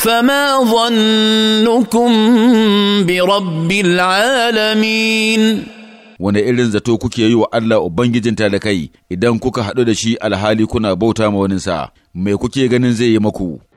فما ظنكم برب العالمين wani irin zato kuke yi wa Allah Ubangijin kai idan kuka haɗu da shi alhali kuna bauta ma waninsa, me kuke ganin zai yi maku?